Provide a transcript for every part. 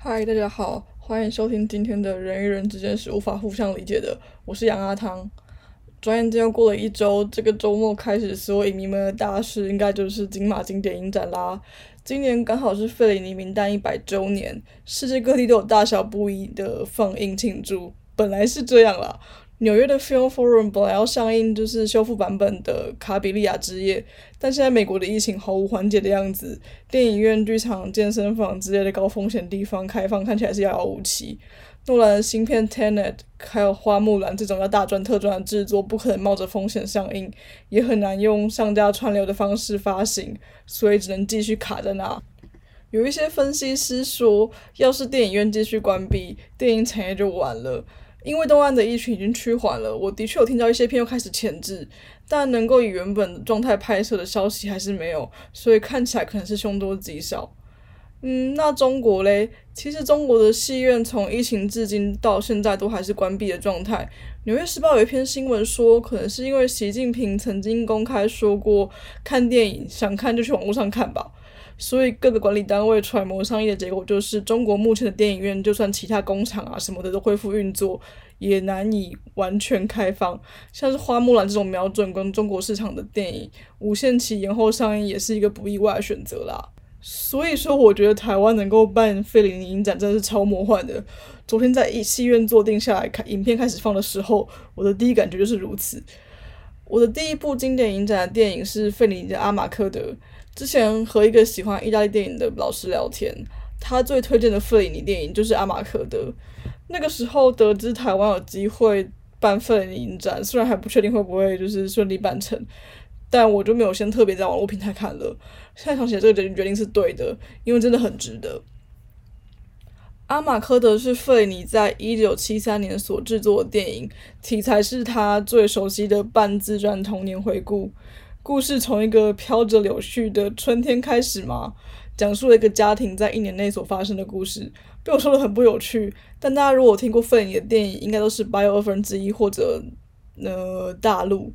嗨，Hi，大家好，歡迎收聽今天的《人與人之間是無法互相理解的》，我是楊阿湯。轉眼間又過了一周，這個周末開始，所有影迷們的大事應該就是金馬經典影展啦。今年剛好是費里尼冥誕一百周年，世界各地都有大小不一的放映慶祝。本來是這樣啦。紐約的 Film Forum 本來要上映就是修復版本的《卡比利亞之夜》，但現在美國的疫情毫無緩解的樣子，電影院、劇場、健身房之類的高風險地方開放看起來是遙遙無期。諾蘭的新片《Tenet》還有《花木蘭》這種要大賺特賺的製作，不可能冒着風險上映，也很難用上架串流的方式發行，所以只能繼續卡在那。有一些分析師說，要是電影院繼續關閉，電影產業就完了。因為東岸的疫情已經趨緩了，我的確有聽到一些片又開始前製，但能夠以原本狀態拍攝的消息還是沒有，所以看起來可能是凶多吉少。嗯，那中國嘞，其實中國的戲院從疫情至今到現在都還是關閉的狀態。紐約時報有一篇新聞說，可能是因為習近平曾經公開說過，看電影想看就去網路上看吧。所以各個管理單位揣摩商議的結果，就是中國目前的電影院，就算其他工廠啊什麼的都恢復運作，也難以完全開放。像是《花木蘭》這種瞄準跟中國市場的電影，無限期延後上映也是一個不意外的選擇啦。所以說，我覺得台灣能夠辦費里尼影展真的是超魔幻的。昨天在一戲院坐定下來看影片開始放的時候，我的第一感覺就是如此。我的第一部經典影展的電影是費里尼的《阿瑪科德》。之前和一個喜歡意大利電影的老師聊天，他最推薦的費里尼電影就是《阿馬科德》。那個時候得知台灣有機會辦費里尼影展，雖然還不確定會不會就是順利辦成，但我就沒有先特別在網絡平台看了。現在想寫這個決定是對的，因為真的很值得。《阿馬科德》是費里尼在1973年所製作的電影，題材是他最熟悉的半自傳童年回顧。故事從一個飄着柳絮的春天開始嗎？講述了一個家庭在一年內所發生的故事。被我說得很不有趣，但大家如果聽過費里尼的電影，應該都是《八又二分之一》或者呃《大路》。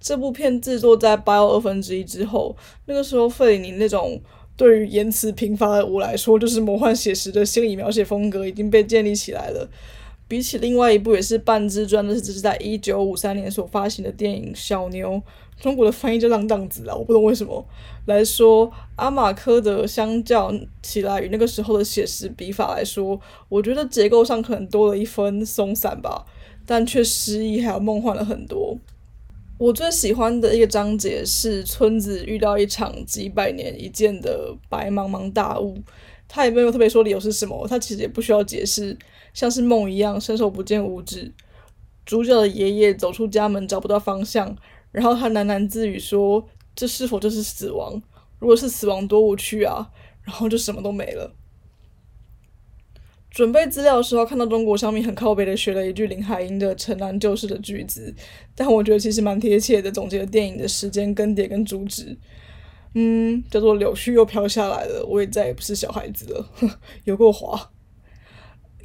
這部片制作在《八又二分之一》之後，那個時候費里尼那種對於言辭貧乏的我來說就是魔幻寫實的心理描寫風格已經被建立起來了。比起另外一部也是半自傳的，這是在一九五三年所發行的電影《小牛》，中國的翻譯就《浪蕩子》了。我不懂為什麼。來說阿瑪科德，相較起來與那個時候的寫實筆法來說，我覺得結構上可能多了一分鬆散吧，但卻詩意還有夢幻了很多。我最喜歡的一個章節是村子遇到一場幾百年一見的白茫茫大霧。他也沒有特別說理由是什麼，他其實也不需要解釋，像是夢一樣伸手不見五指。主角的爺爺走出家門找不到方向，然後他喃喃自語說：“這是否就是死亡？如果是死亡，多無趣啊！”然後就什麼都沒了。準備資料的時候，看到中國小明很靠北的學了一句林海音的《城南舊事》的句子，但我覺得其實蠻貼切的，總結了電影的時間更迭跟主旨。嗯，叫做柳絮又飄下來了，我也再也不是小孩子了。呵有夠滑。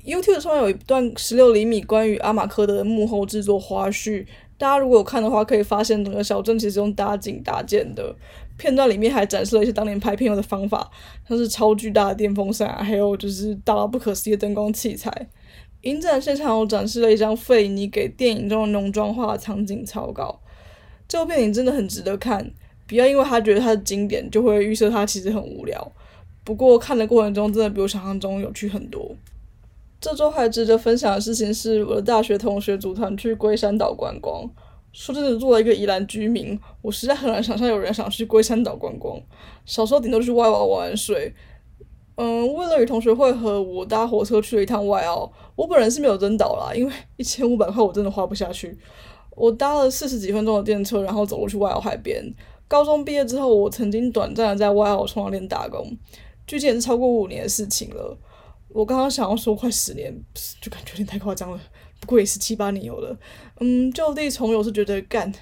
YouTube 上有一段十六釐米關於《阿瑪科德》的幕後制作花絮，大家如果有看的話，可以發現整個小鎮其實用搭景搭建的。片段裡面還展示了一些當年拍片用的方法，像是超巨大的電風扇、啊，還有就是大到不可思議的燈光器材。影展現場有展示了一張費尼給電影中的濃妝化的場景草稿，這部電影真的很值得看。不要因為他覺得他的經典，就會預設他其實很無聊。不過看的過程中，真的比我想象中有趣很多。這週還值得分享的事情是我的大學同學組團去龜山島觀光。說真的，作為一個宜蘭居民，我實在很難想象有人想去龜山島觀光。小時候頂多去外澳玩玩水。嗯，為了與同學會合，和我搭火車去了一趟外澳。我本人是沒有登島啦，因為一千五百塊我真的花不下去。我搭了四十幾分鐘的電車，然後走路去外澳海邊。高中畢業之後，我曾經短暫的在外澳衝浪店打工，這也是超過五年的事情了。我剛剛想要說快十年，就感覺有點太誇張了。不過也是七八年有了。嗯，舊地重遊是覺得幹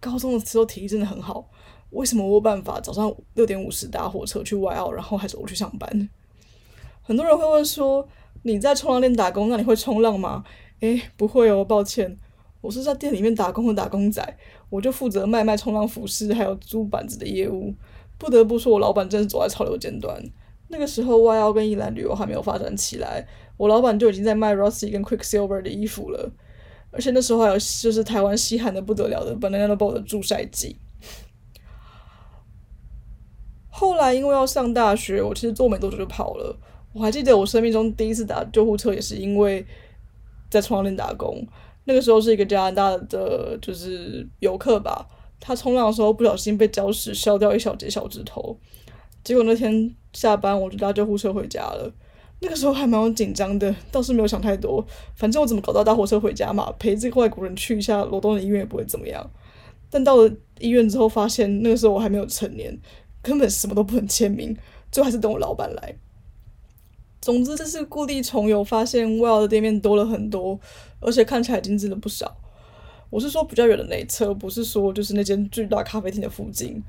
高中的時候體力真的很好。為什麼我有辦法早上六點五十搭火車去外澳，然後還是我去上班？很多人會問說，你在衝浪店打工，那你會衝浪嗎？誒、欸、不會哦，抱歉。我是在店裡面打工的打工仔，我就負責賣賣衝浪服飾，還有租板子的業務。不得不說，我老板真是走在潮流尖端。那個時候，外澳跟宜蘭旅遊還沒有發展起來，我老板就已經在賣 Rossi 跟 Quicksilver 的衣服了。而且那時候還有就是台灣稀罕的不得了的 Banana Boat 的助曬劑。後來因為要上大學，我其實做沒多久就跑了。我還記得我生命中第一次打救護車，也是因為在衝浪店打工。那個時候是一個加拿大的就是遊客吧，他衝浪的時候不小心被礁石削掉一小截小指頭，結果那天下班我就搭救護車回家了。那個時候還蠻緊張的，倒是沒有想太多，反正我怎麼搞到搭火車回家嘛，陪這個外國人去一下羅東的醫院也不會怎麼樣。但到了醫院之後，發現那個時候我還沒有成年，根本什麼都不能簽名，最後還是等我老闆來。總之這是故地重遊，發現 Well 的店面多了很多，而且看起來精致了不少。我是說比較遠的那側，不是說就是那間巨大咖啡廳的附近。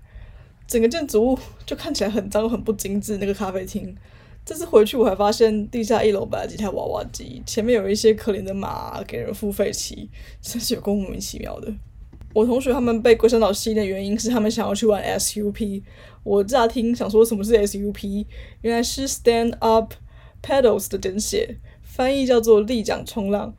整個建築物就看起來很髒很不精致。那個咖啡廳這次回去我還發現地下一樓擺了幾台娃娃機，前面有一些可憐的馬給人付費騎，真是有夠莫名其妙的。我同學他們被龜山島吸引的原因是他們想要去玩 SUP。我乍聽想說什麼是 SUP，原來是 Stand Up。Pedals 的簡寫，翻譯叫做立槳衝浪，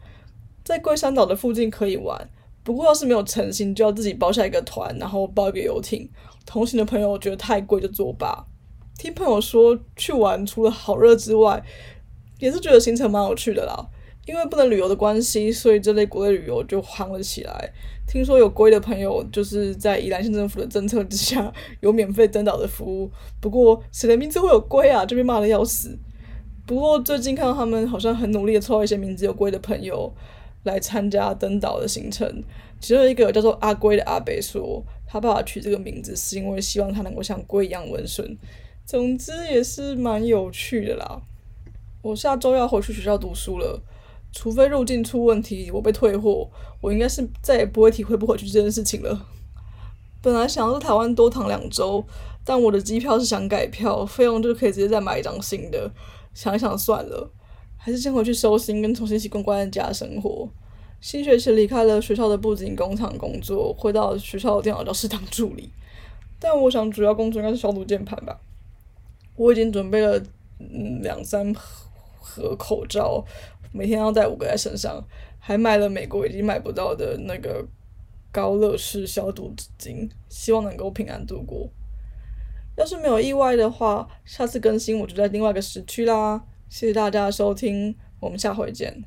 在龜山島的附近可以玩。不過要是沒有成行，就要自己包下一個團，然後包一個遊艇。同行的朋友覺得太貴就作罷。聽朋友說，去玩除了好熱之外，也是覺得行程蠻有趣的啦。因為不能旅遊的關係，所以這類國內旅遊就夯了起來。聽說有龜的朋友就是在宜蘭縣政府的政策之下有免費登島的服務。不過誰的名字會有龜啊，就被罵得要死。不過最近看到他們好像很努力的抽到一些名字有龜的朋友來參加登島的行程，其中一個叫做阿龜的阿北說，他爸爸取這個名字是因為希望他能夠像龜一樣溫順。總之也是蠻有趣的啦。我下周要回去學校讀書了，除非入境出問題，我被退貨，我應該是再也不會體會不回去這件事情了。本來想要在台灣多躺兩周，但我的機票是想改票，費用就可以直接再買一張新的。想一想算了，還是先回去收心，跟重新習慣關在家生活。新學期離開了學校的布景工廠工作，回到學校的電腦教室當助理。但我想主要工作應該是消毒鍵盤吧。我已經準備了嗯兩三盒口罩，每天要帶五個在身上，還買了美國已經買不到的那個高樂氏消毒紙巾，希望能夠平安度過。要是沒有意外的話，下次更新我就在另外一個時區啦。謝謝大家的收聽，我們下回見。